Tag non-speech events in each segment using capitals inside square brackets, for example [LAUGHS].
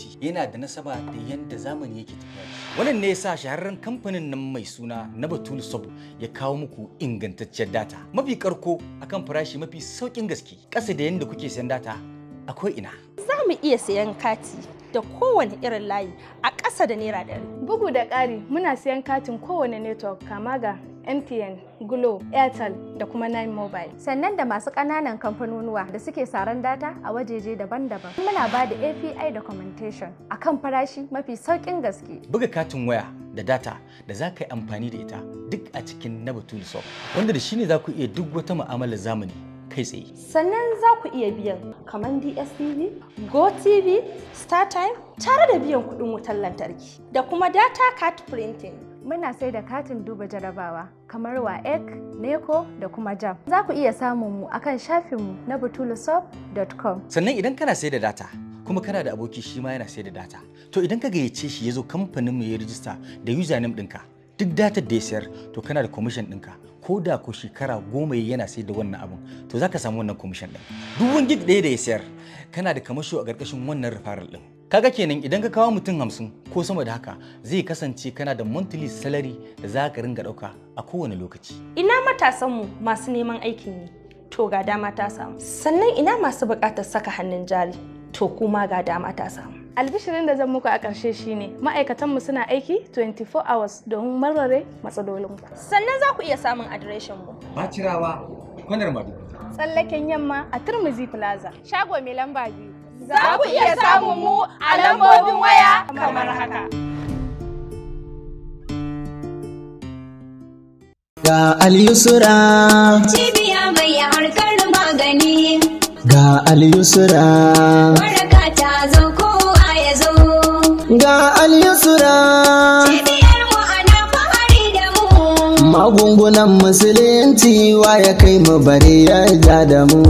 inganci yana da nasaba da yadda zamani yake tafiya. Wannan ne yasa shahararren kamfanin nan mai suna na Batul Sub ya kawo muku ingantaccen data. Mafi karko akan farashi mafi saukin gaske. Ƙasa da yadda kuke sayan data akwai ina. Za mu iya sayan kati da kowane irin layi a ƙasa da naira ɗari. Bugu da ƙari muna sayan katin kowane network kama ga MTN, Glo, Airtel da kuma Nine Mobile. Sannan da masu ƙananan kamfanonuwa da suke saran data a wajeje daban-daban. Muna ba da API documentation a kan farashi mafi sauƙin gaske. Buga katin waya da data da za ka yi amfani da ita duk a cikin na Batul wanda da shi ne za ku iya duk wata mu'amalar zamani kai tsaye. Sannan za ku iya biyan kamar DSTV, GoTV, StarTime tare da biyan kuɗin wutar lantarki da kuma data card printing. Muna sai da katin duba jarabawa kamar wa ek neko da kuma jam za ku iya samun mu akan shafinmu na com. sannan idan kana sai da data kuma kana da aboki shi ma yana sai da data to idan ka gayyace shi ya zo kamfaninmu ya rijista da username ɗinka duk datar da ya sayar to kana da commission ɗinka ko da ko shekara goma yana sai da wannan abin to za ka samu wannan commission ɗin duk wani gig ɗaya da ya sayar kana da kamasho a ƙarƙashin wannan referral ɗin kaga kenan idan ka kawo mutum hamsin ko sama da haka zai kasance kana da monthly salary da za ka ringa ɗauka a kowane lokaci ina matasanmu masu neman aikin yi to ga dama ta samu sannan ina masu buƙatar saka hannun jari to kuma ga dama ta samu albishirin da zan muku a ƙarshe shine ma'aikatanmu suna aiki 24 hours domin marware ku. sannan za ku iya samun adireshin mu Ba cirawa, kwanar madu tsallaken yamma a turmuzi plaza shago mai lamba biyu Za ku iya samun mu a lambobin waya kamar haka. Ga Aliyusura yusra Cibiya mai harkar magani Ga Aliyusura yusra Waraka ta zo ko a ya zo Ga Aliyusura yusra Cibiyar mu ana fahari da mu Magungunan musulunci wa ya kai mu bare ya da mu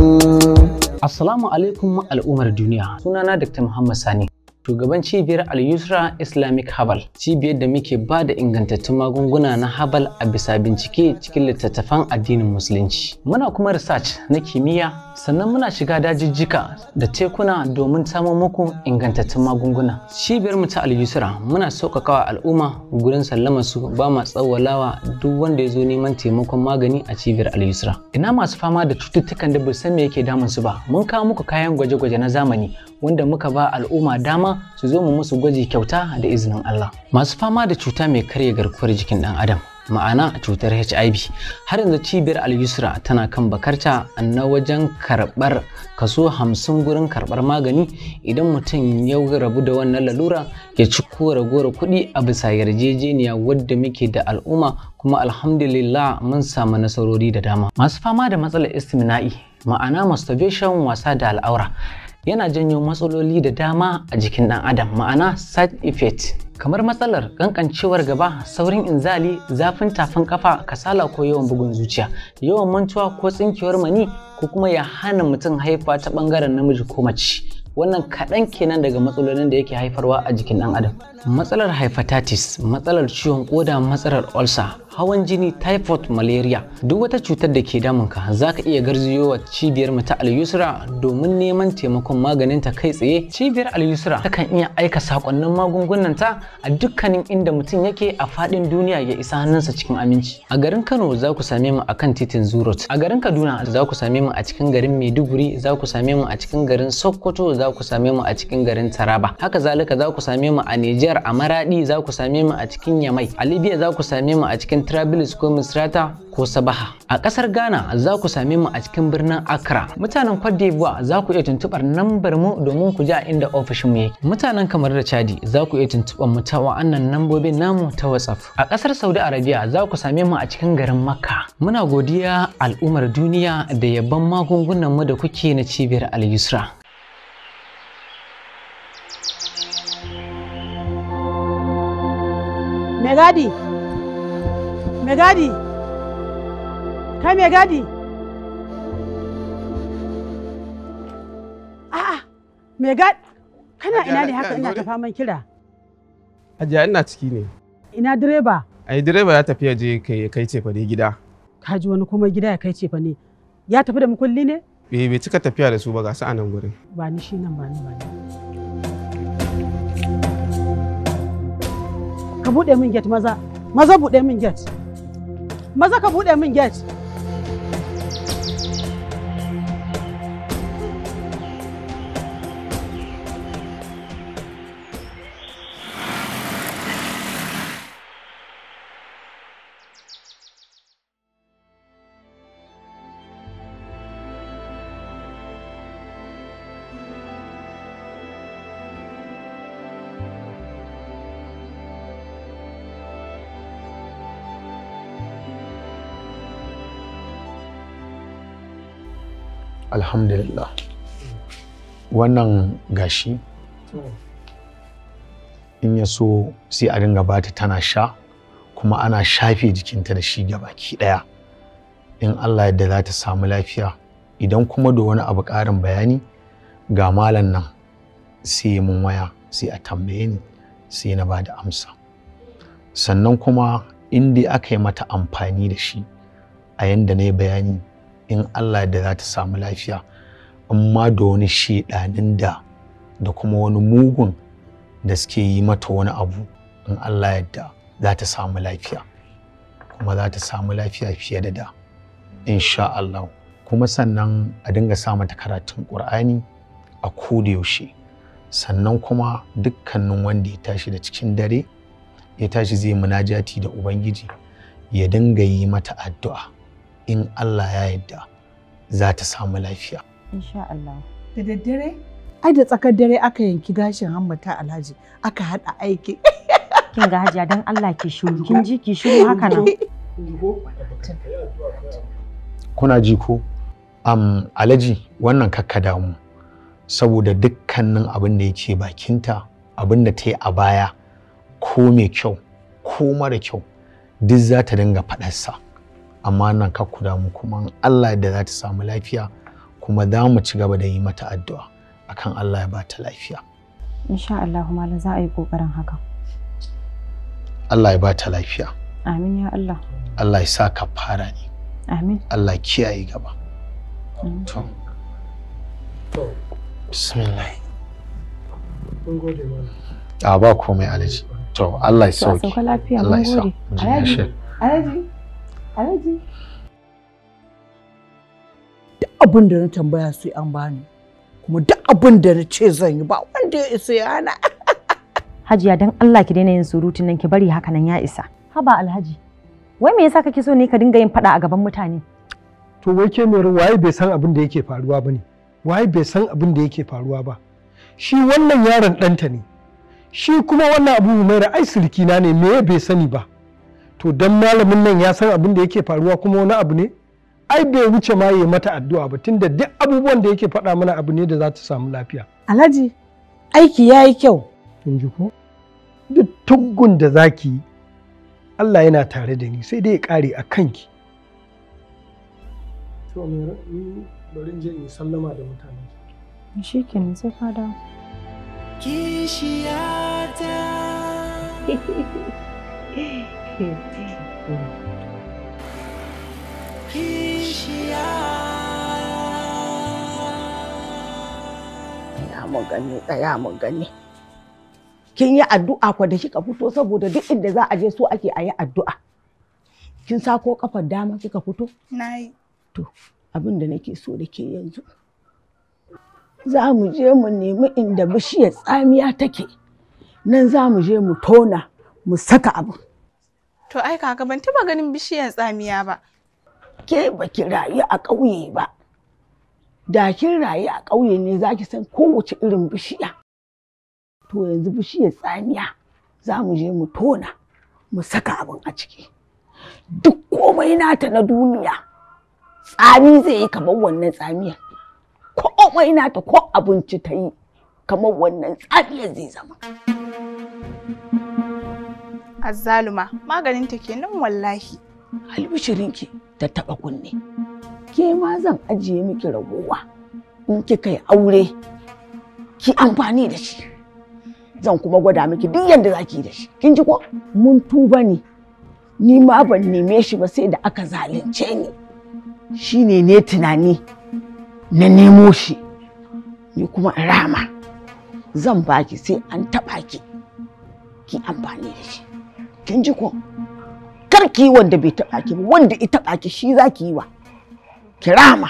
Assalamu alaikum al'ummar duniya. Sunana Dr. Muhammad Sani. shugaban cibiyar al-yusra islamic Habal, cibiyar da muke ba da ingantattun magunguna na Habal a bisa bincike cikin littattafan addinin musulunci muna kuma research na kimiyya sannan muna shiga dajijjika da tekuna domin samo muku ingantattun magunguna cibiyar mu ta al-yusra muna sauƙaƙawa al'umma gurin sallama su ba ma tsawalawa duk wanda ya zo neman taimakon magani a cibiyar al-yusra ina masu fama da cututtukan da bai san me yake damun su ba mun kawo muku kayan gwaje-gwaje na zamani wanda muka ba al'umma dama su zo mu musu gwaji kyauta da izinin Allah. Masu fama da cuta mai karya garkuwar jikin ɗan Adam ma'ana cutar HIV har yanzu cibiyar al-yusra tana kan bakarta na wajen karɓar kaso hamsin gurin karɓar magani idan mutum ya rabu da wannan lalura ya ci kora gora kuɗi a bisa yarjejeniya wadda muke da al'umma kuma alhamdulillah mun samu nasarori da dama masu fama da matsalar istimina'i ma'ana masturbation wasa da al'aura yana janyo matsaloli da dama a jikin ɗan adam ma'ana side effect kamar matsalar kankancewar gaba saurin inzali zafin tafin kafa kasala ko yawan bugun zuciya yawan mantuwa ko tsinkewar mani ko kuma ya hana mutum haifa ta bangaren namiji ko mace wannan kaɗan kenan daga matsalolin da yake haifarwa a jikin ɗan adam matsalar hepatitis matsalar ciwon koda matsalar ulcer hawan jini typhoid malaria duk wata cutar da ke damun ka za ka iya garzayowa cibiyar mu ta al-yusra domin neman taimakon maganin ta kai tsaye cibiyar al-yusra kan iya aika sakonnin magungunan ta a dukkanin inda mutum yake a fadin duniya ya isa hannunsa cikin aminci a garin kano za ku same mu akan titin zurot a garin kaduna za ku same mu a cikin garin maiduguri za ku same mu a cikin garin sokoto za ku same mu a cikin garin taraba haka zalika za ku same mu a nijar Niger, a Maradi za ku same mu a cikin Yamai, a Libya za ku same mu a cikin Trabilis ko Misrata ko Sabaha. A ƙasar Ghana za ku same mu a cikin birnin Accra. Mutanen Cote d'Ivoire za ku iya tuntuɓar nambar mu domin ku ja inda ofishin mu yake. Mutanen kamar da Chadi za ku iya tuntuɓar mu ta wa'annan nambobin namu ta WhatsApp. A ƙasar Saudi Arabia za ku same mu a cikin garin Makka. Muna godiya al'ummar duniya da yabban magungunan mu da kuke na cibiyar Al-Yusra. me gadi me gadi kai me gadi a'a me gadi kana ina ne haka ina tafa man kira ajiya ina ciki ne ina direba ai direba ya tafi je kai kai ce fa gida ka ji wani kuma gida ya kai ce fa ne ya tafi da mukulli ne eh, bai cika tafiya da su ba ga su a nan gurin ba ni shi nan ba ni ba ni ka buɗe min maza maza buɗe min maza ka buɗe min get. alhamdulillah wannan gashi in ya so sai a dinga bata tana sha kuma ana shafe jikinta da shi gabaki daya in Allah yadda za ta samu lafiya idan kuma da wani abu karin bayani ga malam nan sai mun waya sai a tambaye ni sai na bada amsa sannan kuma in dai aka yi mata amfani da shi a yanda na yi bayani in Allah da za ta samu lafiya amma da wani shedanin da da kuma wani mugun da suke yi mata wani abu in Allah yadda za ta samu lafiya kuma za ta samu lafiya fiye da da insha Allah kuma sannan a dinga sa mata karatun ƙur'ani a koda yaushe sannan kuma dukkanin wanda ya tashi da cikin dare ya tashi zai munajati da ubangiji ya dinga yi mata addu'a in Allah ya yadda za ta samu lafiya. Insha Allah. Da daddare? Ai da tsakar dare aka yanki gashin hammata Alhaji aka haɗa aiki. Kin ga Hajiya don Allah ki shiru kin ji ki shiru haka nan. Kuna ji ko? Um, Alhaji wannan kakka damu saboda dukkanin abin da yake bakinta abin da ta yi a baya ko mai kyau ko mara kyau duk za ta dinga faɗarsa. amma nan ka ku damu kuma Allah da za ta samu lafiya kuma za mu ci gaba da yi mata addu'a akan Allah ya ba ta lafiya insha Allah malam za a yi kokarin hakan Allah ya ba ta lafiya amin ya Allah Allah ya sa ka fara ne amin Allah kiyaye gaba to bismillah a ba komai alaji to Allah ya sauke Allah ya sa alhaji alhaji Duk abin da na tambaya sai an bani. Kuma duk abin da na ce zan yi ba wanda ya isa ya hana. [LAUGHS] Hajiya dan Allah ki daina yin surutun nan ki bari hakanan ya isa. Haba Alhaji. Wai me yasa kake so ne ka dinga yin fada a gaban mutane? To wai ke mai waye bai san abin da yake faruwa bane. Waye bai san abin da yake faruwa ba. Shi wannan yaron ɗanta ne. Shi kuma wannan abu mai ai sirikina ne me bai sani ba. to dan malamin nan ya san abin da yake faruwa kuma wani abu ne ai bai wuce ma ya mata addu'a ba tunda duk abubuwan da yake faɗa mana abu ne da za ta samu lafiya alhaji aiki ya yi kyau kin ji ko duk tuggun da za ki yi Allah yana tare da ni sai dai ya kare a kanki to da mutane [LAUGHS] mu gani tsaya mu kin yi addu'a kwa da kika fito saboda duk inda za a je so ake a yi addu'a kin sako ƙafar dama kika fito Na yi. to abin da nake so da ke yanzu za mu je mu nemi inda bishiyar tsamiya take nan za mu je mu tona mu saka abin To ai kaka ban taba ganin bishiyar tsamiya ba. Ke baki rayu a ƙauye ba. Da kin rayu a ƙauye ne za ki san kowace irin bishiya. To yanzu bishiyar tsamiya za mu je mu tona mu saka abin a ciki. Duk komai nata na duniya tsami zai yi kamar wannan tsamiyar. Komai nata ko abinci ta yi kamar wannan tsamiyar zai zama. azzaluma maganinta kenan wallahi albishirinki ta taba kunne ke ma zan ajiye miki ragowa in kika yi aure ki amfani da shi zan kuma gwada miki duk yadda za ki da shi kin ji ko mun tuba ne ni ma ban neme shi ba sai da aka zalunce ni shine ne tunani na nemo shi ni kuma rama zan baki sai an taɓa ki ki amfani da shi kin ji ko kar ki yi wanda bai taɓa ki wanda ita taɓa ki shi za ki yi wa ki rama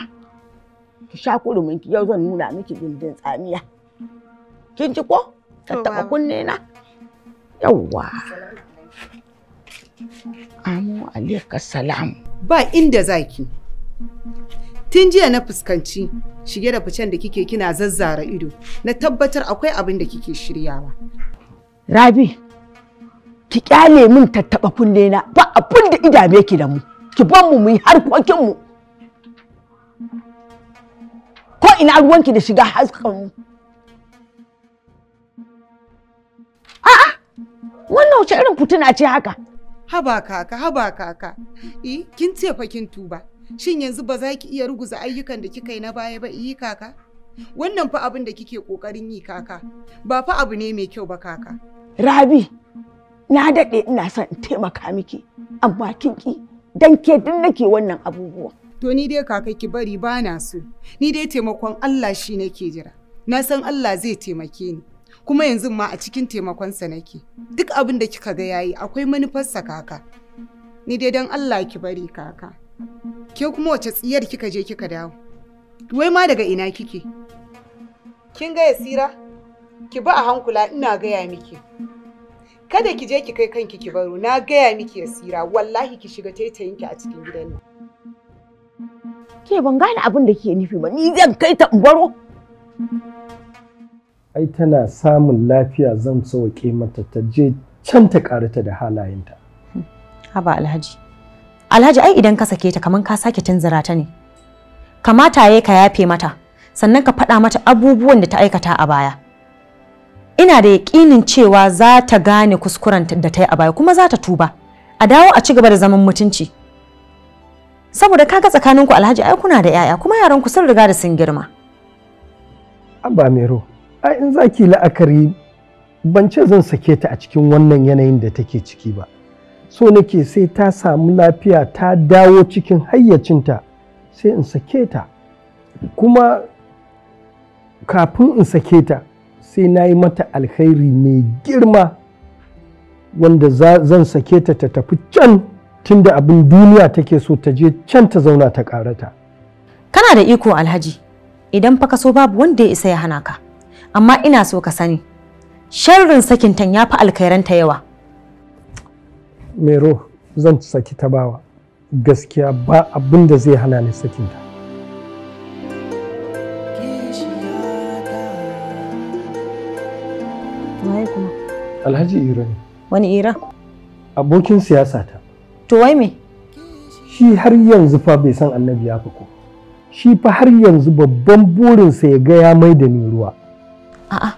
ki sha kurumin ki yau zan nuna miki gindin tsamiya kin ji ko ka taɓa kunne na yawwa amu alaika salam ba inda zaki tun jiya na fuskanci shige da ficen da kike kina zazzara ido na tabbatar akwai abin da kike shiryawa rabi ki kyale min tattaba kunne na ba abin da idame ki da mu ki ban mu mu yi harkokin mu ko ina ruwanki da shiga haskan mu a'a wannan wace irin fituna ce haka haba kaka haba kaka eh kin ce fa kin tuba shin yanzu ba za ki iya ruguza ayyukan da kika yi na baya ba yi kaka wannan fa abin da kike kokarin yi kaka ba fa abu ne mai kyau ba kaka rabi na daɗe ina son in taimaka miki amma kin ki dan ke din nake wannan abubuwa to ni dai kaka ki bari ba na so ni dai taimakon Allah shi nake jira na san Allah zai taimake ni kuma yanzu ma a cikin taimakonsa nake duk abin da kika ga yayi akwai manufarsa kaka ni dai dan Allah ki bari kaka ke kuma wace tsiyar kika je kika dawo wai ma daga ina kike kin ga yasira ki ba a hankula ina gaya miki kada ki je ki kai kanki ki baro na gaya miki yasira wallahi ki shiga taitayin ki a cikin gidan nan ke ban gane abin da ke nufi ba ni zan kai ta in baro ai tana samun lafiya zan sauke mata ta je can ta karata da halayenta haba alhaji alhaji ai idan ka sake ta kaman ka sake tunzura ta ne kamata yayi ka yafe mata sannan ka faɗa mata abubuwan da ta aikata a baya ina da yaƙinin cewa za ta gane kuskuren da ta yi a baya kuma za ta tuba a dawo a ci gaba da zaman mutunci saboda ka kaga tsakaninku alhaji ai kuna da yaya kuma yaran ku sun riga da sun girma abba mero ai in zaki la'akari ban ce zan sake ta a cikin wannan yanayin da take ciki ba so nake sai ta samu lafiya ta dawo cikin hayyacinta sai in sake ta kuma kafin in sake ta sai na yi mata alkhairi mai girma wanda zan sake ta ta tafi can tunda abin duniya take so ta je can ta zauna ta karata. Kana da iko alhaji idan fa ka so babu wanda ya isa ya hana ka amma ina so ka sani sharrin sakintan ya fi alkhairanta yawa. Mero zan saki ta bawa gaskiya ba abin da zai hana ni sakinta. Alhaji Ira ne. Wani Ira? Abokin siyasa ta. To wai me? Shi har yanzu fa bai san annabi ya fi ko. Shi fa har yanzu babban burinsa ya ga ya mai da ni ruwa. A'a.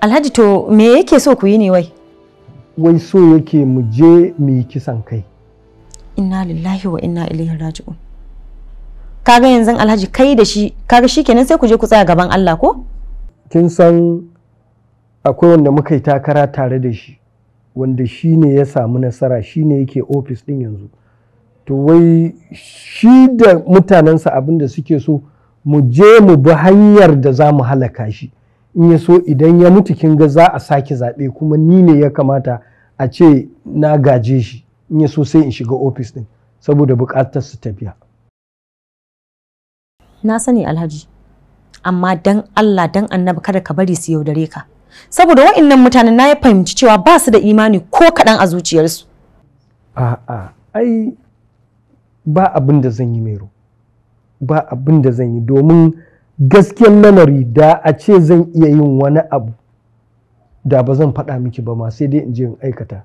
Alhaji to me yake so ku yi ne wai? Wai so yake mu je mu yi kisan kai. Inna lillahi wa inna ilaihi raji'un. Kaga yanzu Alhaji kai da shi kaga shikenan sai ku je ku tsaya gaban Allah ko? Kin san akwai wanda muka yi takara tare da shi wanda shi ne ya samu nasara shi ne yake ofis din yanzu to wai shi da mutanensa abin da suke so mu je mu bi hanyar da za mu halaka shi in ya so idan ya mutu kin ga za a sake zaɓe kuma ni ne ya kamata a ce na gaje shi in ya so sai in shiga ofis din saboda buƙatar su tafiya na sani alhaji amma dan Allah dan annabi kada ka bari su yaudare ka saboda wa'annan mutanen na ya fahimci cewa ba su da imani ko kaɗan a zuciyarsu a'a ai ba abin da zan yi mero ba abin da zan yi domin gaskiyar lamari da a ce zan iya yin wani abu da ba zan faɗa miki ba ma sai dai in je in aikata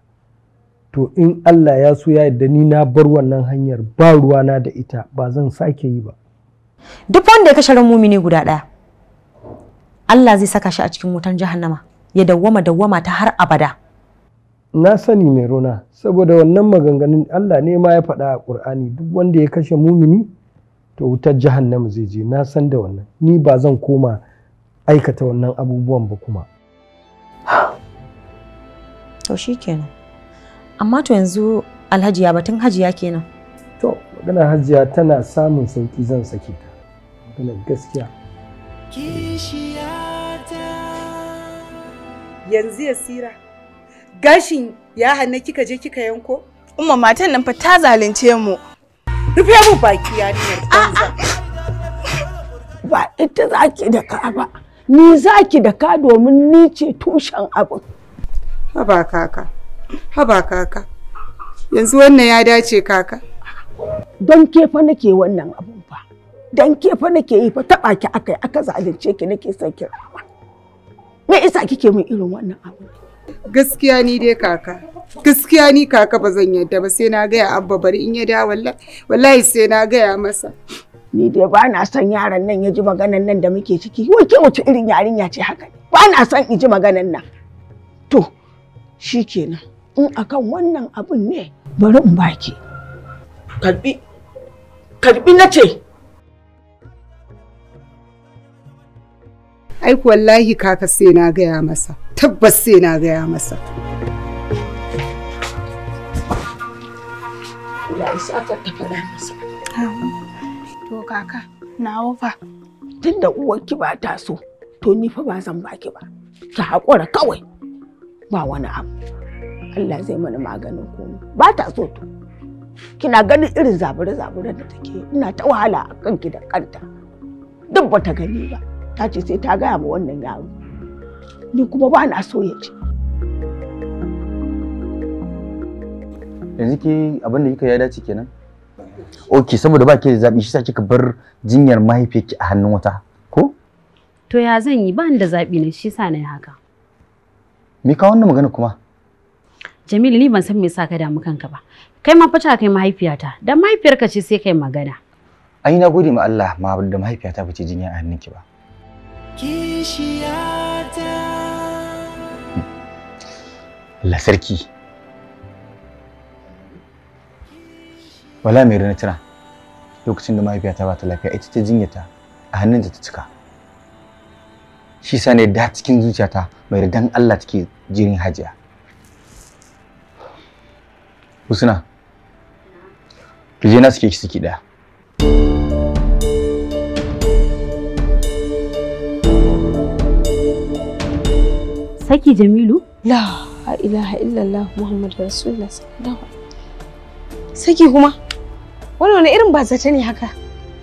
to in Allah ya so ya yarda ni na bar wannan hanyar ba ruwana da ita ba zan sake yi ba duk wanda ya kashe ne guda ɗaya Allah zai saka shi a cikin wutar jahannama ya dawwama dawwama ta har abada na sani mai rona saboda wannan maganganun Allah ne ma ya faɗa a Ƙur'ani duk wanda ya kashe mumini to wutar jahannama zai je na san da wannan ni ba zan koma aikata wannan abubuwan ba kuma to shikenan amma to yanzu alhajiya batun hajiya kenan to maganar hajiya tana samun sauki zan sake ta maganar gaskiya yanzu ya sira gashin ya hanna kika je kika yanko umma matan nan fa ta zalunce mu rufe mu baki ya banza ba ita zaki da ka ba ni zaki da ka domin ni ce tushen abin haba kaka haba kaka yanzu wannan ya dace kaka don ke fa nake wannan abu fa don ke fa nake yi fa taba ki akai aka zalunce ki nake son ki me yasa kike min irin wannan abu gaskiya ni dai kaka gaskiya ni kaka ba zan yadda ba sai na gaya abba bari in ya dawo wallahi sai na gaya masa ni dai ba na son yaran nan ya ji maganan nan da muke ciki wai ke wace irin yarinya ce haka ba na son in ji maganan nan to shikenan in akan wannan abun ne bari in baki karbi karbi na ce aiki wallahi kaka sai na gaya masa tabbas sai na gaya masa to kaka nawa fa tunda uwarki ba ta so to ni fa ba zan baki ba ki haƙura kawai ba wani abu Allah zai mana maganin komai ba ta so to kina ganin irin zabure-zaburen da take ina ta wahala a kanki da kanta duk ba ta gani ba ta ce sai ta gaya ma wannan yaro ni kuma ba na so ya ce yanzu ke abin da kika ya dace kenan ok saboda ba ke da zaɓi shi sa kika bar jinyar mahaifiyarki a hannun wata ko to ya zan yi ba da zaɓi ne shi sa na yi haka me ka wannan magana kuma Jamilu ni ban san me yasa ka damu kanka ba kai ma fata kai mahaifiyata dan mahaifiyarka ce sai kai magana ai na gode ma Allah ma da mahaifiyata bace jinya a hannunki ba Lasarki. wala mai na tana, lokacin da mahaifiyata ba ta lafiya ita ta jinyata a hannunta ta cika shi sa ne da cikin zuciyata mai dan Allah take jirin hajiya Husna, ki je na suke ki suke daya. saki Jamilu? La ilaha illallah Muhammad Rasulullah sallallahu Saki kuma? Wannan wani irin bazata ne haka?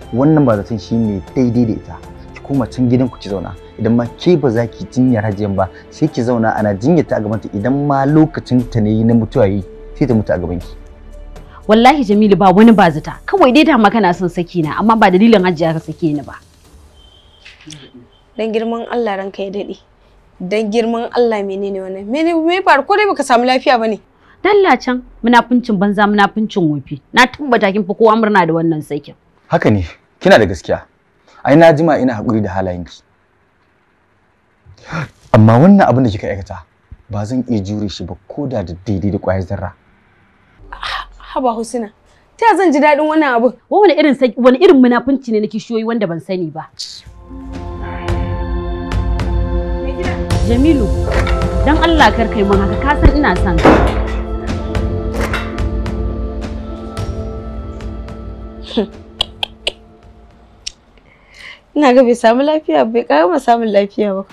Wannan bazatan ne daidai da ita. Ki koma can ku ki zauna. Idan ma ke ba za ki jinyar hajiyan ba, sai ki zauna ana jinyar ta a gabanta idan ma lokacin ta ne na mutuwa yi, sai ta mutu a gaban ki. Wallahi Jamilu ba wani bazata, kawai dai dama kana son saki na, amma ba dalilin hajiya ka sake ni ba. Dan girman Allah ranka ya daɗe. dan girman Allah menene wannan mene me faru ko dai baka samu lafiya bane dalla can munafincin banza munafincin wofi na tabbata kin fi kowa murna da wannan sakin haka ne kina da gaskiya ai na jima ina hakuri da halayenki amma wannan abin da kika aikata ba zan iya jure shi ba ko da da daidai da kwayar zarra haba husina ta zan ji daɗin wannan abin wani irin wani irin munafunci ne na kishiyoyi wanda ban sani ba Jamilu, don Allah kar kai mun haka ka san ina san ka. Ina ga bai samu lafiya bai kawo samun lafiya ba.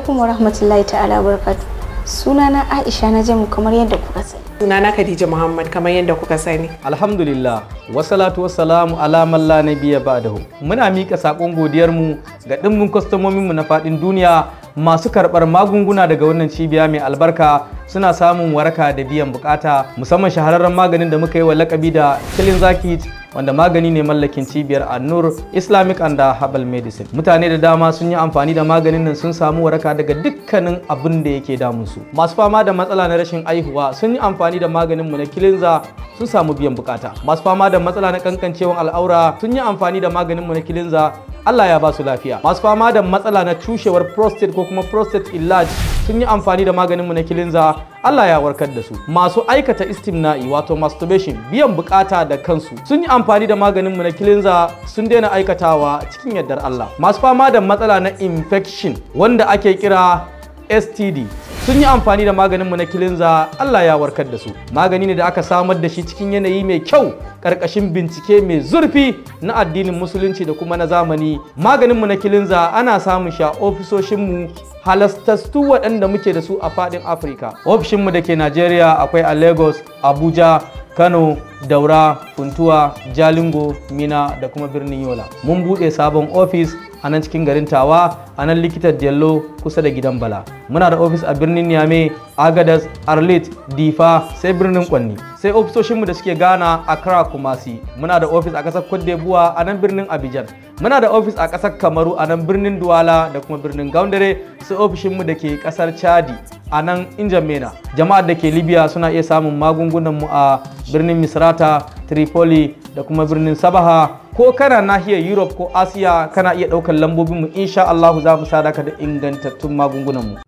alaikum wa rahmatullahi ta'ala barkatu. Sunana Aisha na jamu kamar yadda kuka sani. Sunana Khadija Muhammad kamar yadda kuka sani. Alhamdulillah, wassalatu wassalamu ala man la nabiyya ba'dahu. Muna mika saƙon godiyar mu ga dimbin kwastomomin mu na fadin duniya masu karɓar magunguna daga wannan cibiya mai albarka suna samun waraka da biyan bukata musamman shahararren maganin da muka yi wa lakabi da killing zakit wanda magani ne mallakin cibiyar annur islamic and herbal medicine mutane da dama sun yi amfani da maganin nan sun samu waraka daga dukkanin abin da yake damun su masu fama da matsala na rashin aihuwa sun yi amfani da maganin mu na kilinza sun samu biyan bukata masu fama da matsala na kankancewan al'aura sun yi amfani da maganin mu na kilinza Allah ya ba su lafiya masu fama da matsala na cushewar prostate ko kuma prostate illage sun yi amfani da maganin mu na kilinza Allah ya warkar da su masu aikata istimna'i wato masturbation biyan bukata da kansu sun yi amfani da maganin mu na kilinza sun daina aikatawa cikin yardar Allah masu fama da matsala na infection wanda ake kira STD sun yi amfani da maganinmu na kilinza Allah ya warkar da su magani ne da aka samar da shi cikin yanayi mai kyau ƙarƙashin bincike mai zurfi na addinin musulunci da kuma na zamani maganin mu na kilinza ana samun shi a ofisoshinmu halastastu waɗanda muke da su a faɗin afirka ofishinmu da ke najeriya akwai a lagos abuja kano daura funtuwa jalingo mina da kuma birnin yola mun buɗe sabon ofis a nan cikin garin tawa a nan likitar jello kusa da gidan bala muna da ofis a birnin birnin Niame, Agadas, Arlit, Difa sai birnin Kwanni. Sai ofisoshinmu da suke Ghana, Accra, Kumasi. Muna da ofis a ƙasar Cote d'Ivoire a nan birnin Abidjan. Muna da ofis a ƙasar Kamaru a nan birnin Douala da kuma birnin Gaundare sai ofishinmu da ke ƙasar Chadi a nan Injamena. Jama'ar da ke Libya suna iya samun magungunanmu a birnin Misrata, Tripoli da kuma birnin Sabaha ko kana nahiyar Europe ko Asiya kana iya ɗaukar lambobinmu insha Allah za mu sadaka da ingantattun magungunanmu.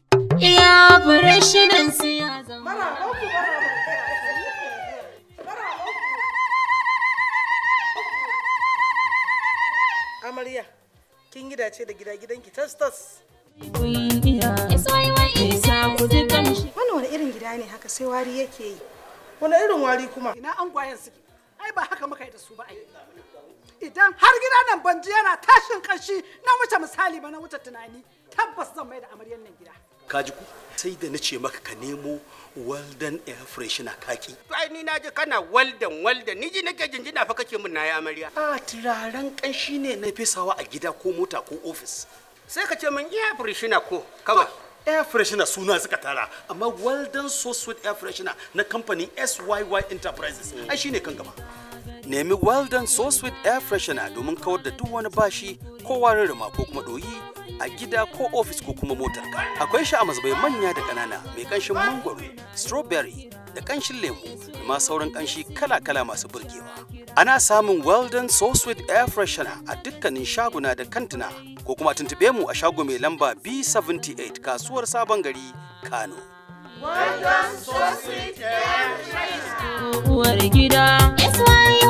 Operation and see as a Amarya, kin gida ce da gida gidanki tas tas. Wannan wani irin gida ne haka sai wari yake yi. Wani irin wari kuma? Ina an gwayen suke. Ai ba haka muka yi da su ba ai. Idan har gida nan ban yana tashin kashi na wuce misali ba na wuce tunani tabbas zan mai da amaryan nan Kaji ku sai da na ce maka ka nemo Walden air freshener kaki ai ni na ji kana Walden Walden ni ji nake jinjina fa kake min nayi amarya a turaren kanshi ne na fesawa a gida ko mota ko office sai ka ce min air freshener ko kawai air freshener suna suka tara amma Walden so sweet air freshener na kamfanin SYY Enterprises ai shine kan gaba nemi Walden so sweet air freshener domin kawar da duk wani bashi ko warin rima ko kuma doyi a gida ko ofis ko kuma motar ka. Akwai sha a manya da ƙanana mai ƙanshin mangoro, strawberry da ƙanshin lemu da ma sauran ƙanshi kala-kala masu burgewa. Ana samun Weldon So Sweet Air Freshener a dukkanin shaguna da kantuna ko kuma tuntube mu a shago mai lamba B78 kasuwar Sabon Gari, Kano. Weldon So Sweet Air Freshener.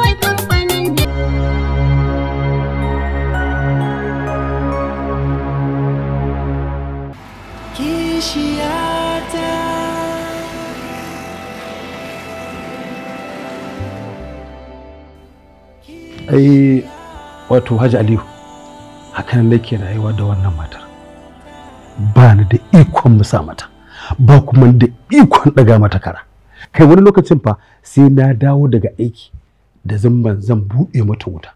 ai wato Hajji Aliyu hakan nake rayuwa da wannan matar ba ni da ikon musa mata ba kuma da ikon ɗaga mata kara kai wani lokacin fa sai na dawo daga aiki da zamban zan buɗe mata wuta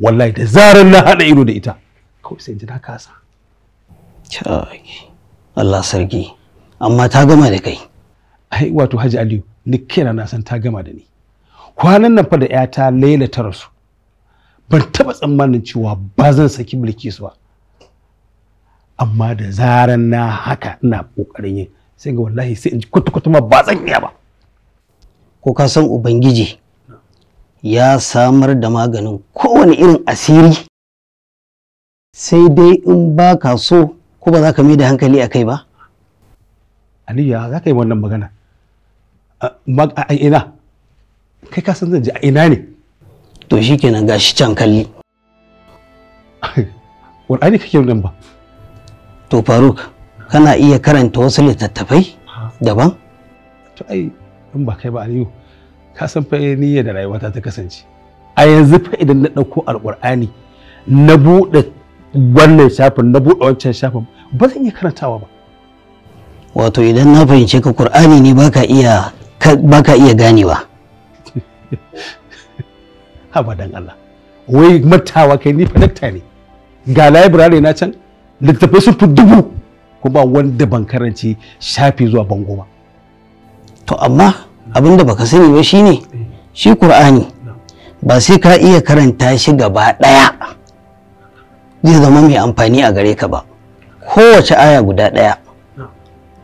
wallahi da zarar na haɗa ido da ita kawai sai ji na kasa Chai. Allah sarki amma ta gama da kai ai wato Haji Aliyu ni kina na san ta gama da ni kwanan nan fa da ta Laila ta rasu ban taba tsammanin cewa ba zan saki mulki su ba amma da zaran na haka ina kokarin yin sai ga wallahi sai in ji kwata-kwata ma ba zan iya ba ko ka san ubangiji ya samar da maganin kowane irin asiri sai dai in ba ka so ko ba za ka mai da hankali a kai ba Aliyu za ka yi wannan magana a ina kai ka san zan ji a ina ne to shi ga gashi can kalli [LAUGHS] wani kake nan ba to faruk kana iya karanta wasu littattafai daban to ai in ba kai ba aliyu ka san fa niyyar da rayuwata ta kasance a yanzu fa idan na ɗauko alƙur'ani na buɗe wannan shafin na buɗe wancan shafin ba zan iya karantawa ba wato idan na fahimce ka qur'ani ne baka iya baka iya ganewa [LAUGHS] abadan Allah wai matawa kai ni fadakta ne ga library na can littafai su fi dubu kuma wanda ban karanci shafi zuwa bango ba to amma abin da baka sani ba shine shi qur'ani ba sai ka iya karanta shi gaba daya zai zama mai amfani a gare ka ba kowace aya guda ɗaya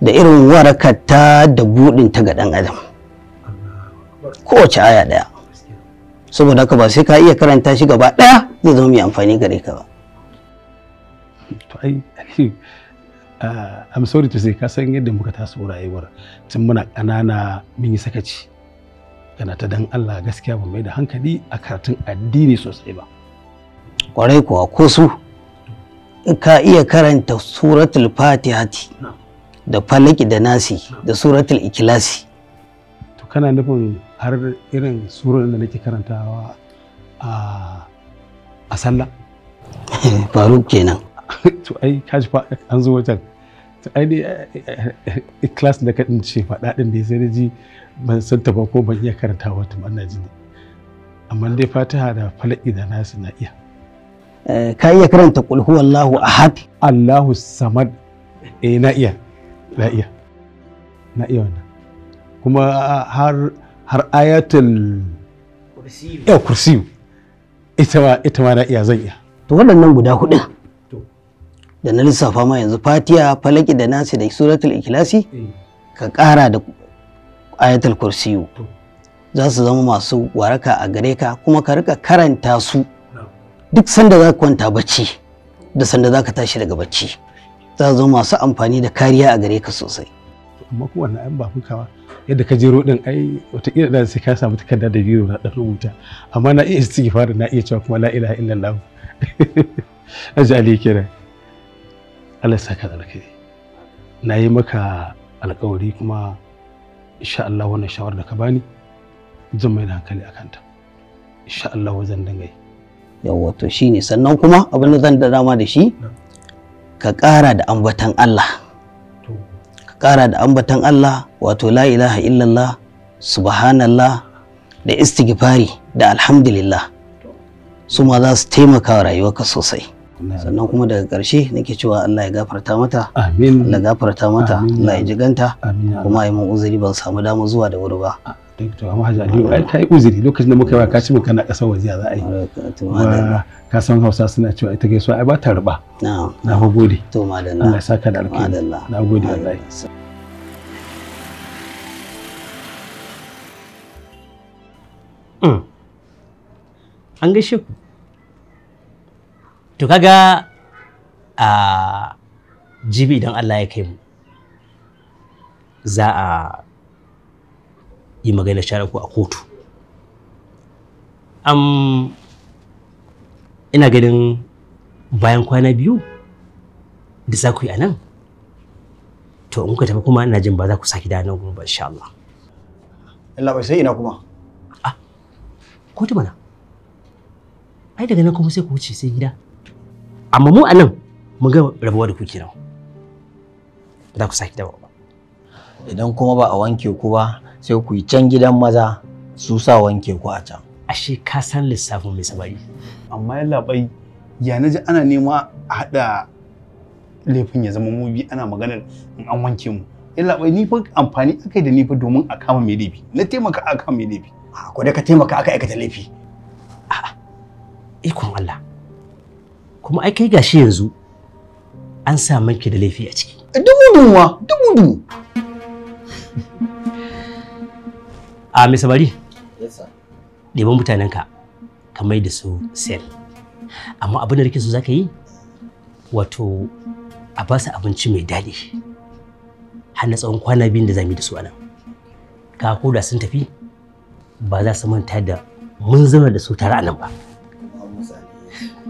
da irin warakata da buɗinta ga ɗan adam kowace aya ɗaya saboda haka ba sai ka iya karanta shi gaba ɗaya zai zama mai amfani gare ka ba [LAUGHS] ah, I'm sorry to say ka san yadda muka taso rayuwar tun muna ƙanana mun yi sakaci kana ta dan Allah gaskiya ba mai da hankali a karatun addini sosai ba kwarai kuwa ko su ka iya karanta suratul fatihati da falaki da nasi da suratul ikilasi to kana nufin har irin surar da nake karantawa a a sallah [LAUGHS] faruk kenan [LAUGHS] to ai kaji fa an zo wajen. to ai ne eh, eh, class da ka ce faɗa ɗin da sai da ji ban san ta ba ko ban iya karantawa ta ba ina ji amma dai fatiha da falaki da nasi na iya ka iya karanta kul huwallahu ahad Allahu samad eh na iya na iya na iya wannan kuma har har ayatul kursiyu eh kursiyu ita ma ita ma na iya zan iya to waɗannan guda to da na lissafa ma yanzu fatiha falaki da nasi da suratul ikhlasi eh. ka ƙara da ayatul kursiyu za su zama masu waraka a gare ka kuma ka rika karanta su duk sanda za ka kwanta bacci da sanda za ka tashi daga bacci za zo masu amfani da kariya a gare ka sosai amma kuma wannan an ba fukawa yadda ka jero din ai wataƙila da sai ka samu takarda da biro na ɗan rubuta amma na iya istighfar na iya cewa kuma la ilaha illallah [LAUGHS] ali kira Allah saka da alkhairi na yi maka alƙawari kuma insha Allah wannan shawar da ka bani zan mai da hankali akan ta insha Allah wajen dinga yawa to shine sannan kuma abin da zan da dama da shi ka ƙara da ambatan Allah ka ƙara da ambatan Allah wato la ilaha illallah subhanallah da istighfari da alhamdulillah su ma za su taimaka rayuwarka sosai sannan kuma daga ƙarshe nake cewa Allah ya gafarta mata Allah ya gafarta mata Allah ya jiganta kuma yi mun uzuri ban samu dama zuwa da wuri ba to amma Hajji Aliyu ai kai uzuri lokacin da muka yi ka ci mu kana kasar waje za a yi ka san Hausa suna cewa ita gaisuwa ai ba ta riba na gode to madalla Allah saka da alkhairi na gode wallahi hmm. an gaishe ku to kaga a jibi idan Allah ya kai mu za a yi magana shara ku a kotu am ina ganin bayan kwana biyu da za ku yi a nan to in ku tafi kuma ina jin ba za ku saki da nan ba insha Allah Allah bai sai ina kuma ah kotu mana ai daga nan kuma sai ku wuce sai gida amma mu a nan mun ga rabuwa da ku kenan ba za ku saki da ba idan kuma ba a wanke ku ba sai ku yi can gidan maza su sa wanke ku a can ashe ka san lissafin mai sabari amma ya labai ya naji ana nema a haɗa laifin ya zama mubi ana maganar in an wanke mu ya labai ni fa amfani akai da ni fa domin a kama mai laifi na taimaka a kama mai laifi a ko da ka taimaka aka aikata laifi a'a ikon Allah kuma ai kai gashi yanzu an sa manke da laifi a ciki dubu duwa dubu dubu a mai sabari ɗiban mutanenka ka mai da su sel amma abin da rikin su za ka yi wato a ba su abinci mai daɗi har tsawon kwana biyun da za mu yi da su anan ka koda sun tafi ba za su manta da mun zama da su tare a ba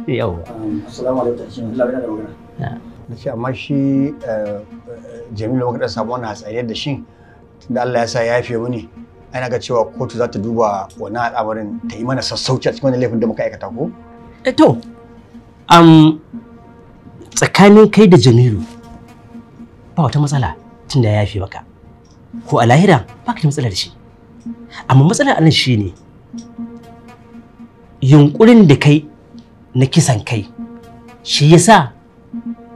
yawwa um, assalamu alaikum Allah bai da magana na ce amma shi eh, eh, jamilu maka samu wani da shi da Allah ya sa ya yafe ana ga cewa kotu za ta duba wani al'amarin ta yi mana sassauci a cikin wani laifin da muka aikata ko? E to, um, tsakanin kai da Jamilu ba wata matsala tun da ya yafe maka. Ko a lahira ba ka da matsala da shi. Amma matsalar anan shi ne yunkurin da kai na kisan kai shi yasa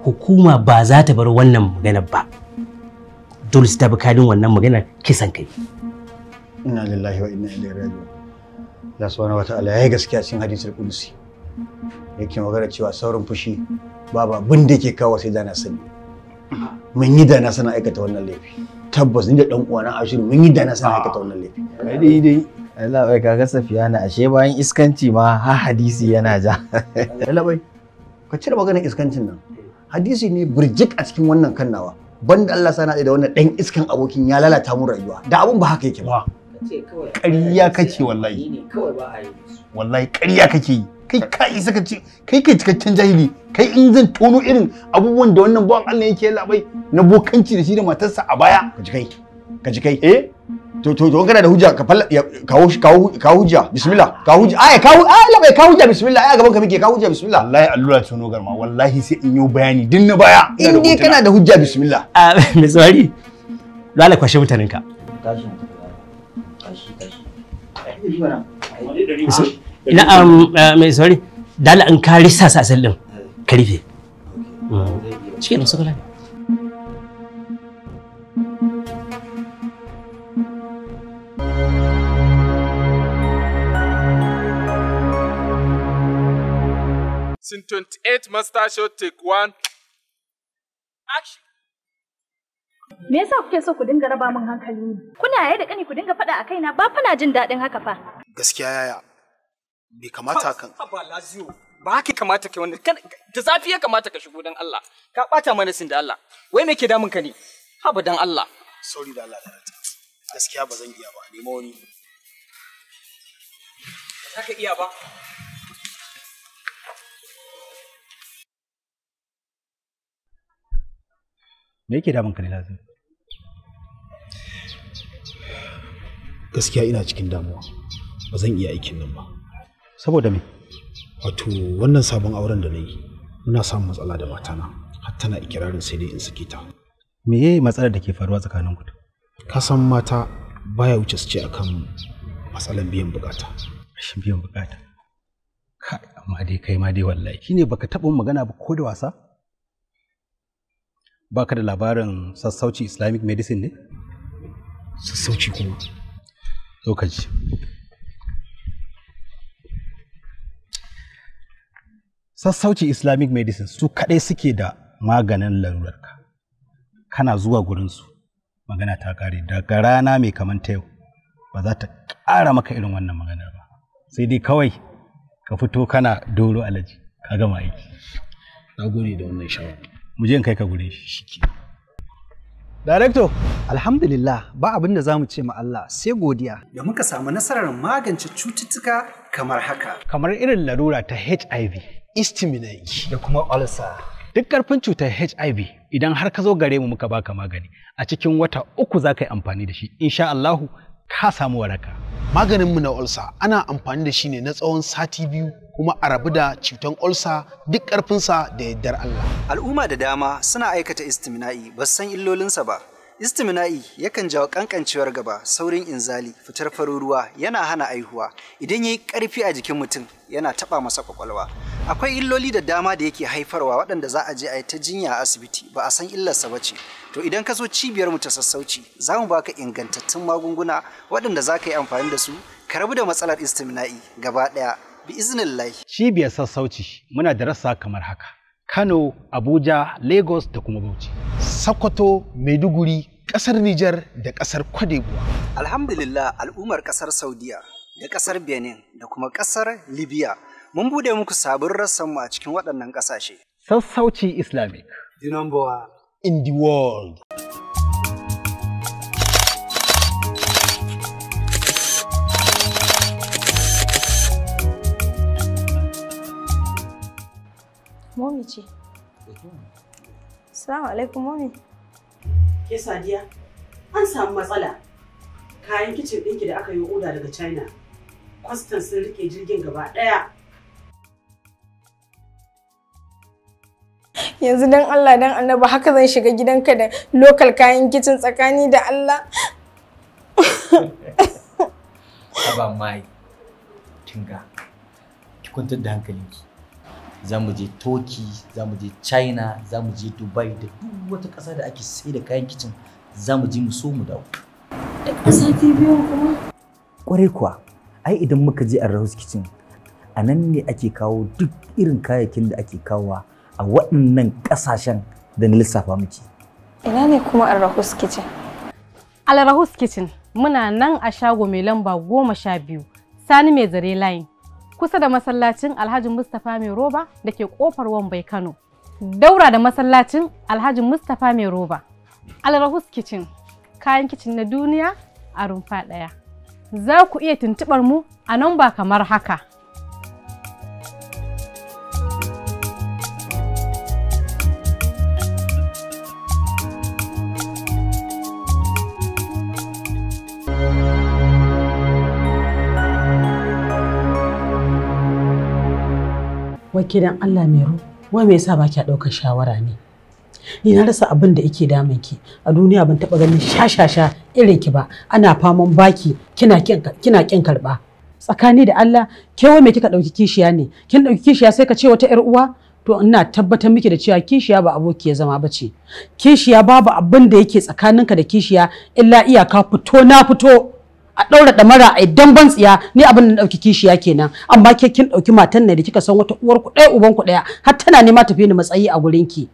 hukuma ba za ta bar wannan maganar ba. Dole su ta bi kadin wannan maganar kisan kai. inna lillahi wa inna ilaihi raji'un Allah subhanahu wata'ala ya yi gaskiya cikin hadisul qudusi yake magana cewa saurin fushi Baba bin da yake kawo sai da na sani mun yi da na sana aikata wannan laifi tabbas ni da dan uwana Ashir mun yi da na sana aikata wannan laifi kai dai dai Allah bai kaga Safiyana ashe bayan iskanci ma ha hadisi yana ja Allah bai ka cire maganar iskancin nan hadisi ne burjik a cikin wannan kannawa banda Allah sana da wannan dan iskan abokin ya lalata mu rayuwa da abun ba haka yake ba ƙarya kake wallahi wallahi ƙarya kake yi kai ka isa ka ce kai kai cikakken jahili kai in zan tono irin abubuwan da wannan bawan Allah yake labai na bokanci da shi da matarsa a baya ka ji kai ka ji kai eh to to to kana da hujja ka falla kawo kawo kawo hujja bismillah kawo hujja ai kawo ai labai kawo hujja bismillah ai gaban ka muke kawo hujja bismillah wallahi allura tono garma wallahi sai in yi bayani din na baya in dai kana da hujja bismillah a ah, [LAUGHS] misali tsari dole kwashe mutanen ka Na'am um, uh, mai sauri, dala in ka risa sasal din ka rufe. ne Sin 28 Master Show Take Action Me yasa kuke so ku dinga raba min hankali ne? Kuna yaya da kani ku dinga faɗa a kaina ba fa na jin daɗin haka fa. Gaskiya yaya. Bai kamata kan. Ba Lazio. Ba haka kamata kai wanda Da zafi ya kamata ka shigo dan Allah. Ka ɓata mana sin da Allah. Wai me ke damun ka ne? Haba dan Allah. Sorry da Allah karanta. Gaskiya ba zan iya ba. Nemo wani. Ba ka iya ba. Me yake damun ka ne Lazio? gaskiya ina cikin damuwa ba zan iya aikin nan ba saboda me wato wannan sabon auren da na yi muna samun matsala da matana har tana ikirarin sai dai in saki ta me yayi matsalar da ke faruwa tsakanin ku ka san mata baya wuce su ce akan matsalan biyan bukata shin biyan bukata kai amma dai kai ma dai wallahi shine baka taɓa magana ba ko da wasa baka da labarin sassauci islamic medicine ne sassauci kuma lokaci sassauci islamic medicine su kaɗai suke da maganin larurarka kana zuwa gurinsu magana ta ƙare daga rana mai kaman ta yau ba za ta ƙara maka irin wannan maganar ba sai dai kawai ka fito kana doro alaji ka gama aiki na gode da wannan shawara mu in kai ka gure shi Director, alhamdulillah ba abin da za mu ce ma Allah sai godiya. Da muka samu nasarar magance cututtuka kamar haka. Kamar irin larura ta HIV, istiminaki da kuma ulcer. Duk karfin cutar HIV idan har ka zo gare mu muka baka magani a cikin wata uku za ka yi amfani da shi insha Allahu ka samu waraka. Maganinmu na ulcer ana amfani da shi ne na tsawon sati biyu kuma a rabu da cutan olsa duk ƙarfinsa da yardar Allah. Al'umma da dama suna aikata istimina'i ba san illolinsa ba. Istimina'i yakan jawo kankancewar gaba, saurin inzali, fitar farin ruwa, yana hana aihuwa. Idan ya yi ƙarfi a jikin mutum, yana taɓa masa ƙwaƙwalwa. Akwai illoli da dama da yake haifarwa waɗanda za a je a yi ta jinya a asibiti, ba a san illarsa ba ce. To idan ka zo cibiyar mu ta sassauci, za mu baka ingantattun magunguna waɗanda za ka yi amfani da su, ka rabu da matsalar istimina'i gaba ɗaya. bi cibiyar sassauci muna da rassa kamar haka Kano, Abuja, Lagos da kuma Bauchi. Sokoto, Maiduguri, ƙasar Nijar da ƙasar Kwadebuwa. Alhamdulillah al'ummar ƙasar Saudiya da ƙasar Benin da kuma ƙasar Libya mun bude muku sabon rassanmu a cikin waɗannan ƙasashe. Sassauci Islamic. The number one in the world. Momi ce. Salamu alaikum mami. Ke Sadiya, an samu matsala. Kayan kicin ɗinki da aka yi oda daga China. Kwastan sun rike jirgin gaba ɗaya. Yanzu don Allah don annaba haka zan shiga gidanka da lokal kayan kicin tsakani da Allah. Aba mai, tinga, ki kwantar da hankalinki. za mu je turkey za mu je china za mu je dubai da duk wata ƙasa da ake sai da kayan kicin za mu je mu so mu dawo da ƙasa ta kuma ƙwarai kuwa ai idan muka je a rahus kicin a ne ake kawo duk irin kayayyakin da ake kawowa a waɗannan ƙasashen da na lissafa miki ina ne kuma a kicin kicin muna nan a shago mai lamba goma sha biyu sani mai zare line kusa da masallacin Alhaji Mustapha Mai Roba da ke kofar Wambai Kano. Daura da masallacin Alhaji Mustapha Mai Roba. Alrahus Kitchen, kayan kicin na duniya a rumfa ɗaya. Za ku iya tuntuɓar mu a nan ba kamar haka. Wake dan Allah ru wai me yasa ba kya ɗaukar shawara ne? Ni na rasa abin da yake damun ki. A duniya ban taɓa ganin shashasha irin ki ba. Ana faman baki kina kina kin karɓa. Tsakani da Allah, ke wai me kika ɗauki kishiya ne? Kin ɗauki kishiya sai ka ce wata 'yar uwa? to ina tabbatar miki da cewa kishiya ba aboki ya zama ba ce kishiya babu abin da yake tsakaninka da kishiya illa iyaka fito na fito a ɗaura mara a idan ban tsiya ni abin da ɗauki kishiya kenan amma ke kin ɗauki matan ne da kika san wata uwar ku ɗaya uban ku ɗaya har tana nema tafi ni matsayi a gurin ki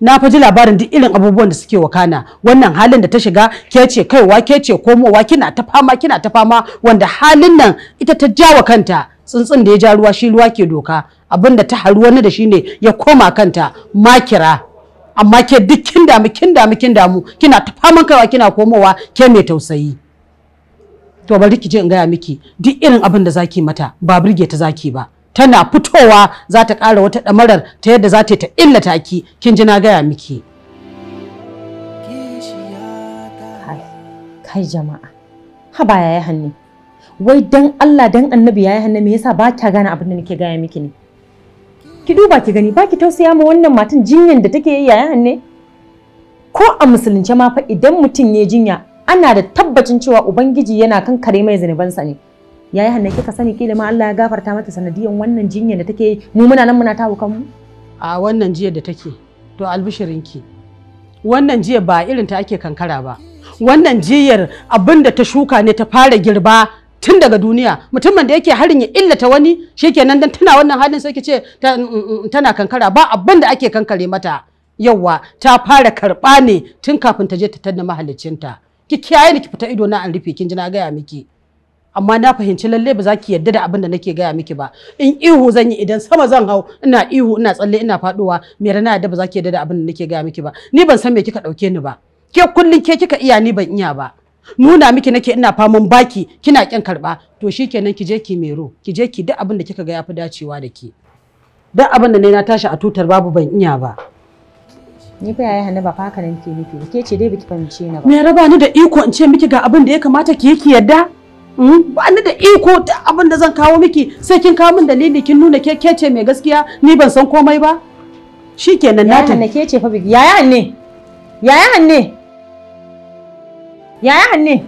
na fa ji labarin duk irin abubuwan da suke wakana wannan halin da ta shiga ke ce kaiwa ke ce komowa kina ta fama kina ta fama wanda halin nan ita ta jawa kanta tsuntsun da ya ja ruwa shi ruwa ke doka abin da ta haru wani da shi ne ya koma kanta makira amma ke duk kin damu kin damu kin damu kina ta faman kaiwa kina komowa ke mai tausayi to bari ki je in gaya miki duk irin abin da zaki mata ba burge ta zaki ba tana fitowa za ta ƙara wata ɗamarar ta yadda za ta yi ta illata ki kin ji na gaya miki kai jama'a haba yayi hannu wai dan Allah dan annabi yayi hannu me yasa ba kya gane abin da nake gaya miki ne ki duba ki gani ba ki tausaya ma wannan matan jinyan da take yi yayi hannu ko a musulunce ma fa idan mutum ya jinya ana da tabbacin cewa ubangiji yana kan kare mai sa ne yayi hanne kika sani kila ma Allah ya gafarta mata sanadiyan wannan jinya da take mu muna nan muna tawo kanmu a wannan jiyar da take to albishirinki wannan jiyar ba irin ta ake kankara ba wannan jiyar abinda ta shuka ne ta fara girba tun daga duniya mutumin da yake harin ya illata wani shikenan dan tana wannan halin sai ce mm, mm, mm, tana kankara ba abin da ake kankare mata yawa ta fara karba ne tun kafin ta je ta tanna mahalicinta. ki kiyaye ni ki fita ido na an rufe kin ji na gaya miki amma na fahimci lalle ba za ki yadda da abin da nake gaya miki ba in ihu zan yi idan sama zan hau ina ihu ina tsalle ina fadowa, me rana yadda ba za ki yadda da abin da nake gaya miki ba ni ban san me kika dauke ni ba ke kullun ke kika iya ni ban iya ba nuna miki nake ina faman baki kina kin karba to shikenan ki je ki mero ki je ki duk abin da kika ga yafi dacewa da ki duk abin da na tashi a tutar babu ban iya ba Ni fa yayi hannu ba fa haka nan ke nufi ke ce dai biki fahimce ni ba. Me raba ni da iko in ce miki ga abin da ya kamata ki yi yadda? Hmm? Ba ni da iko ta abin da zan kawo miki sai kin kawo min dalili kin nuna ke ke ce mai gaskiya ni ban san komai ba. Shikenan na ta. ne ke ce fa biki yaya ne? Yaya ne? Yaya ne?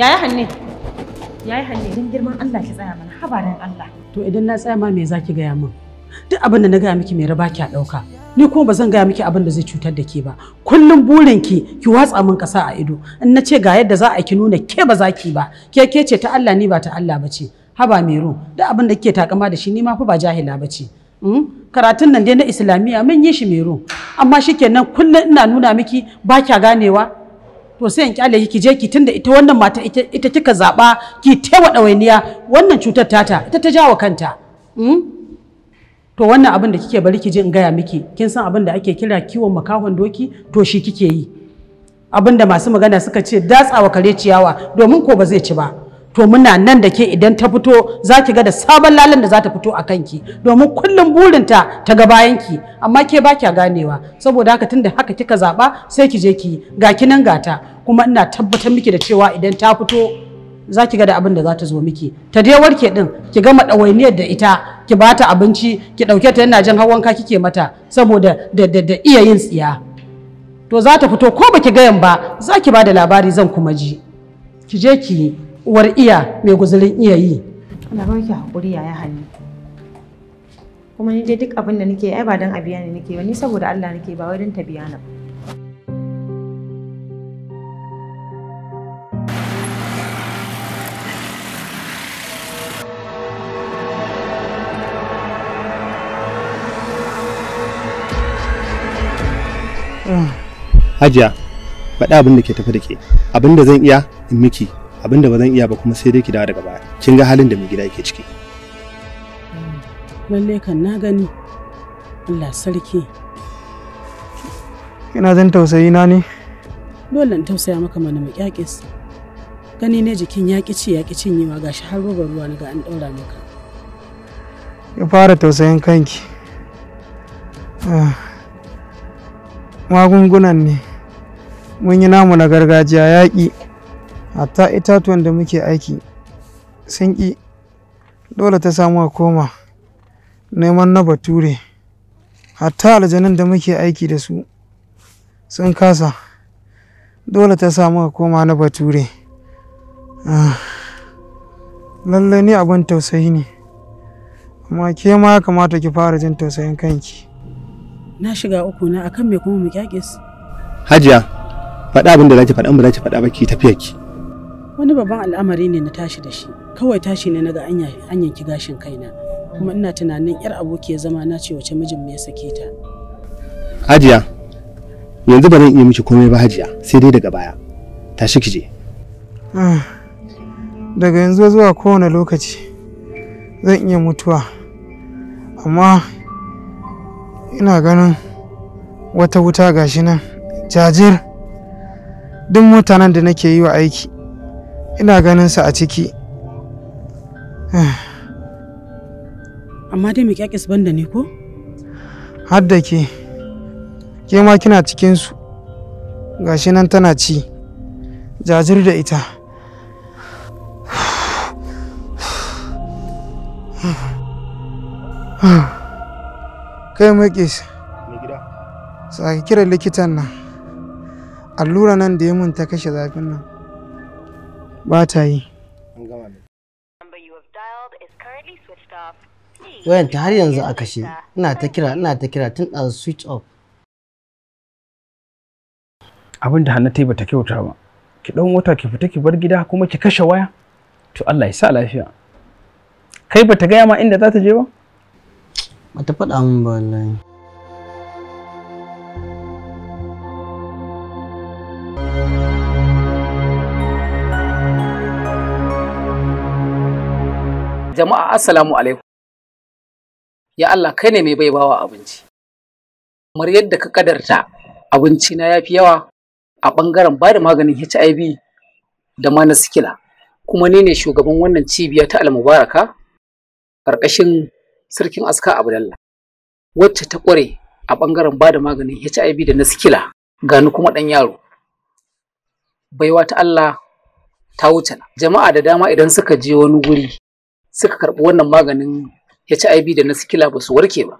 Yaya hanne? Yaya hanne? din girman Allah ki tsaya mana habarin Allah. To idan na tsaya ma me zaki gaya min? duk abin da na gaya miki mai raba ki ɗauka ni kuma ba zan gaya miki abin da zai cutar da ke ba kullum burin ki ki watsa min kasa a ido in na ce ga yadda za a ki nuna ke ba za ki ba ke ke ce ta Allah ni ba ta Allah ba ce haba mero duk abin da kike takama da shi ni ma fa ba jahila ba ce hmm? karatun nan dai na islamiyya mun yi shi mero amma shikenan kullum ina nuna miki ba kya ganewa to sai in kyale ki je ki tunda ita wannan mata ita kika zaba ki tewa dawainiya wannan cutar tata ita ta jawo kanta hmm? to wannan abin da kike bari ki ji in gaya miki kin san abin da ake kira kiwon makahon doki to shi kike yi abin da masu magana suka ce datsawa kare ciyawa domin ko ba zai ci ba to muna nan da ke idan ta fito za ki ga da sabon lalin da za ta fito a kanki domin kullum burinta ta ga bayanki amma ke ba kya ganewa saboda haka tunda haka kika zaɓa sai ki je ki ga nan gata kuma ina tabbatar miki da cewa idan ta fito za ki ga da abin da za ta zo miki ta dai warke din ki gama ɗawainiyar da ita ki bata abinci ki ɗauke ta yana jan hawanka kike mata saboda da da iya yin tsiya to za ta fito ko baki gayan ba za ki bada labari zan kuma ji ki je ki uwar iya mai guzurin iya yi ina ba ki hakuri yaya hali kuma ni dai duk abin da nake ai ba dan a biya ni nake ba ni saboda Allah nake ba wai dan ta na ba hajiya faɗi abin da ke tafi da ke abin da zan iya in miki abin da ba zan iya ba kuma sai dai ki dawo daga baya kin ga halin da mai gida yake ciki lalle kan na gani Allah sarki kina zan tausayi na ne dole in tausaya maka mana mai kyakis gani ne jikin yaƙi ci yaƙi cinyewa gashi har robar ruwa na ga an ɗaura maka ya fara tausayin kanki ah. magungunan ne mun yi namu na gargajiya yaƙi hatta itatuwan da muke aiki sun ƙi dole ta samu a koma neman na bature hatta aljanun da muke aiki da su sun kasa dole ta samu a koma na bature ah, lalle ne abin tausayi ne amma ke ma ya kamata ki fara jin tausayin kanki na shiga uku na akan me kuma mu kyakis hajiya faɗa abin da za ki faɗa ba za ki faɗa ba ki tafiya ki wani babban al'amari ne na tashi da shi kawai tashi ne na ga anyan ki gashin kaina kuma ina tunanin yar abokiya zama na ce wace mijin me ya sake ta hajiya yanzu ba zan iya miki komai ba hajiya sai dai daga baya tashi ki je ah, daga yanzu zuwa kowane lokaci zan iya mutuwa amma ina ganin wata wuta gashi nan jajir duk mutanen da nake yi wa aiki ina ganin su a ciki [SIGHS] amma dai mai kyakis banda ne ko har da ke ke ma kina cikinsu gashi nan tana ci jajir da ita [SIGHS] [SIGHS] kai makis sake kiran likitan nan allura nan da ya mun ta kashe zafin nan ba ta yi wayan ta har yanzu a kashe ina ta kira ina ta kira tun ɗan switch off abin da ba ta bata kyauta ba ki ɗan wata ki fita ki bar gida kuma ki kashe waya to Allah ya sa lafiya kai bata gaya ma inda za ta je ba bata faɗa min ba wallahi Jama'a assalamu alaikum. Ya Allah kai ne mai baibawa abinci. Kamar yadda ka kadarta abinci na yafi yawa a ɓangaren ba da maganin HIV da ma na sikila. Kuma ni ne shugaban wannan cibiya ta almubaraka Karkashin sarkin aska abdullah Wacce ta kware a ɓangaren ba da maganin HIV da na sikila gani kuma ɗan yaro. Baiwa ta Allah ta wuce jama'a da dama idan suka je wani guri suka karɓi wannan maganin HIV da na sikila ba su warke ba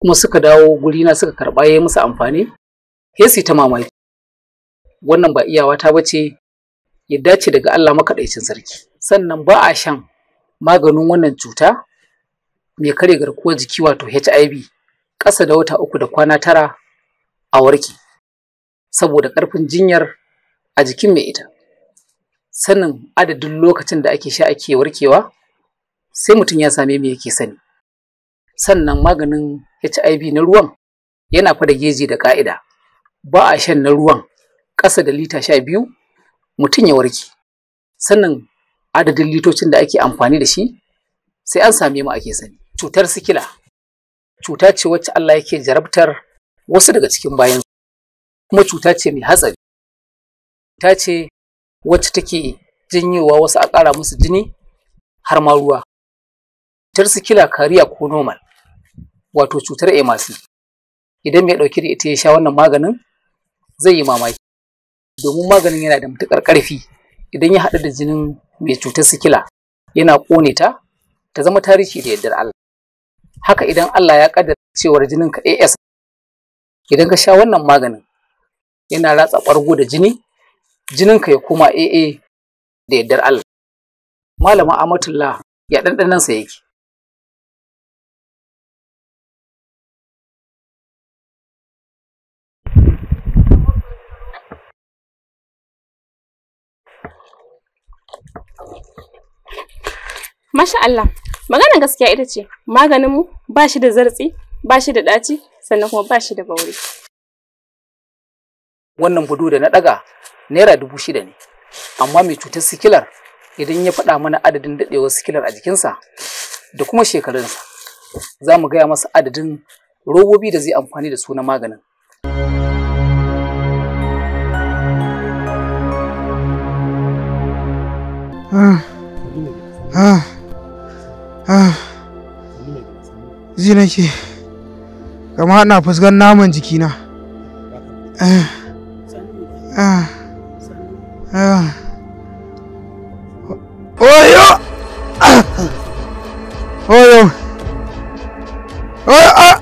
kuma suka dawo gurina suka karɓa ya musu amfani hesi ta mamaki wannan ba iyawa ta bace ya dace daga Allah makaɗaicin sarki sannan ba a shan maganin wannan cuta mai kare garkuwar jiki wato HIV ƙasa da wata uku da kwana tara a warke saboda ƙarfin jinyar a jikin mai ita sanin adadin lokacin da ake sha ake warkewa sai mutum ya same me yake sani sannan maganin hiv na ruwan yana fa da geji da ka'ida ba a shan na ruwan ƙasa da lita sha biyu mutum ya warke sannan adadin litocin da ake amfani da shi sai an same mu ake sani cutar sikila cuta ce wacce Allah yake jarabtar wasu daga cikin bayan kuma cuta ce mai hatsari cuta ce wacce take janyewa wasu a ƙara musu jini har ma ruwa cutar sikila kariya ko normal wato cutar emasi idan mai ɗauki da ita ya sha wannan maganin zai yi mamaki domin maganin yana da matuƙar ƙarfi idan ya haɗu da jinin mai cutar sikila yana ƙone ta ta zama tarihi da yardar Allah haka idan Allah ya kaddara cewar jinin ka AS idan ka sha wannan maganin yana ratsa ɓargo da jini jinin ka ya koma AA da yardar Allah malama Amatullah ya ɗanɗanansa yake Masha Allah, maganar gaskiya ita ce maganinmu ba shi da zartsi, ba shi da ɗaci, sannan kuma ba shi da bauri. Wannan gudu da na ɗaga naira dubu shida ne, amma mai cutar sikilar idan ya faɗa mana adadin daɗewar sikilar a jikinsa da kuma shekarunsa, za mu gaya masa adadin robobi da zai amfani da su na maganin. Ah. Ah. Ah. ji nake kama na fuskan naman jikina eh. ah. Ah. oyo oyo oyo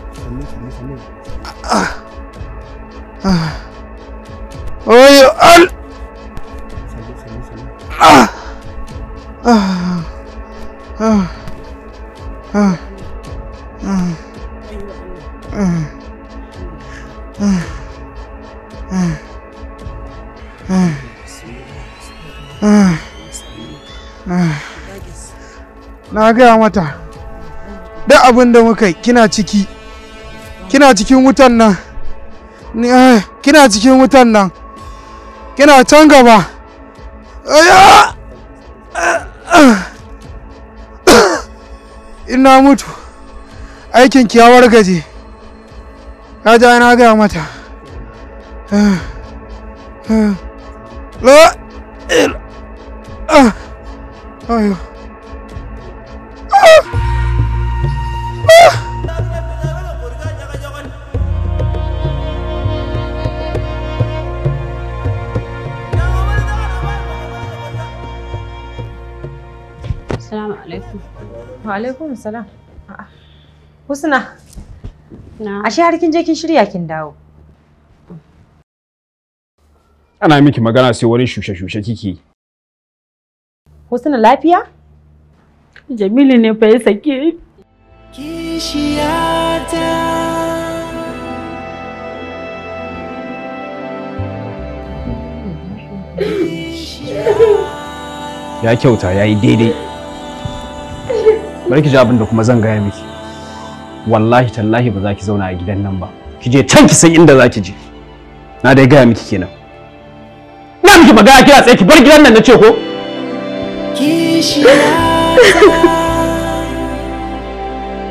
gaya mata duk abin da muka kina ciki kina cikin wutan nan eh, kina cikin wutan nan kina can gaba ina mutu aikin kiyawar gaji ya ja na gaya mata ah Wa alaikum salam. Husna. Na. Ashe har kin je kin shirya kin dawo. Ana miki magana sai wani shushe-shushe kike. Husna lafiya? Jamilu ne fa ya sake. Kishiyata. Ya kyauta ya yi daidai. bari ki ji abin da kuma zan gaya miki wallahi tallahi ba za ki zauna a gidan nan ba ki je can ki san inda za ki je na dai gaya miki kenan na miki ba gaya kira tsaye ki bar gidan nan na ce ko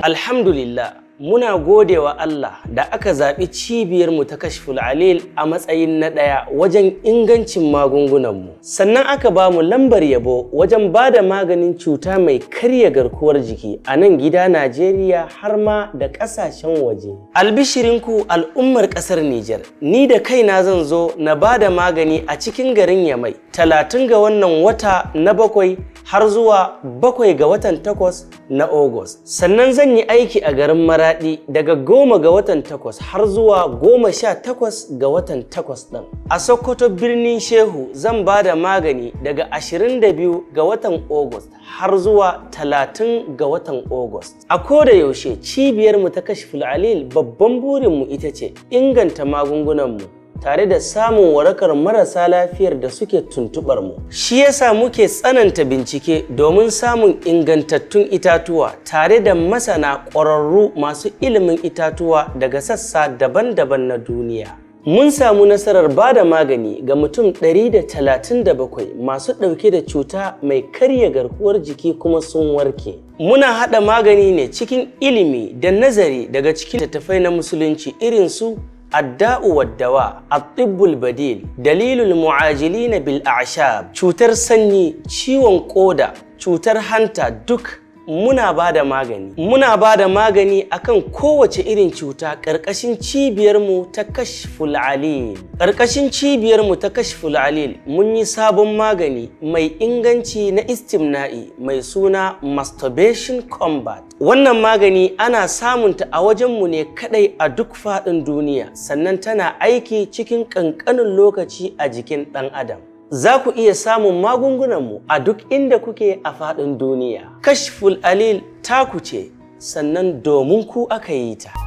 alhamdulillah Muna gode wa Allah da aka zaɓi cibiyarmu ta Kashful Alil a matsayin na ɗaya wajen ingancin magungunanmu. Sannan aka ba mu lambar yabo wajen ba da maganin cuta mai karya garkuwar jiki a nan gida Najeriya har ma da ƙasashen waje. Albishirinku al'ummar ƙasar Nijar, ni da kaina zan zo na ba da magani a cikin garin Yamai, talatin ga wannan wata na bakwai har zuwa bakwai ga watan takwas na August. Sannan zan yi aiki a garin Maraɗi daga goma ga watan takwas har zuwa goma sha takwas ga watan takwas ɗin. A Sokoto birnin Shehu zan ba da magani daga 22 ga watan August har zuwa 30 ga watan August. A koda yaushe cibiyarmu ta kashi alil babban burinmu ita ce inganta magungunanmu tare da samun warakar marasa lafiyar da suke tuntubar mu. Shi yasa muke tsananta bincike domin samun ingantattun itatuwa tare da masana ƙwararru masu ilimin itatuwa daga sassa daban-daban na duniya. Mun samu nasarar ba da magani ga mutum 137 masu ɗauke da cuta mai karya garkuwar jiki kuma sun warke. Muna haɗa magani ne cikin ilimi da nazari daga cikin tattafai na musulunci irin su adda'u waddawa atibbul badil dalilul mu'ajilina bil a'shab cutar sanyi ciwon koda cutar hanta duk muna ba da magani muna ba da magani akan kowace irin cuta ƙarƙashin cibiyarmu ta kashful alil ƙarƙashin cibiyarmu ta kashful alil mun yi sabon magani mai inganci na istimna'i mai suna masturbation combat wannan magani ana samunta a wajenmu ne kaɗai a duk faɗin duniya sannan tana aiki cikin ƙanƙanin lokaci a jikin ɗan adam za ku iya samun magungunanmu a duk inda kuke a faɗin duniya. Kashful Alil taku ce, sannan domin ku aka yi ta.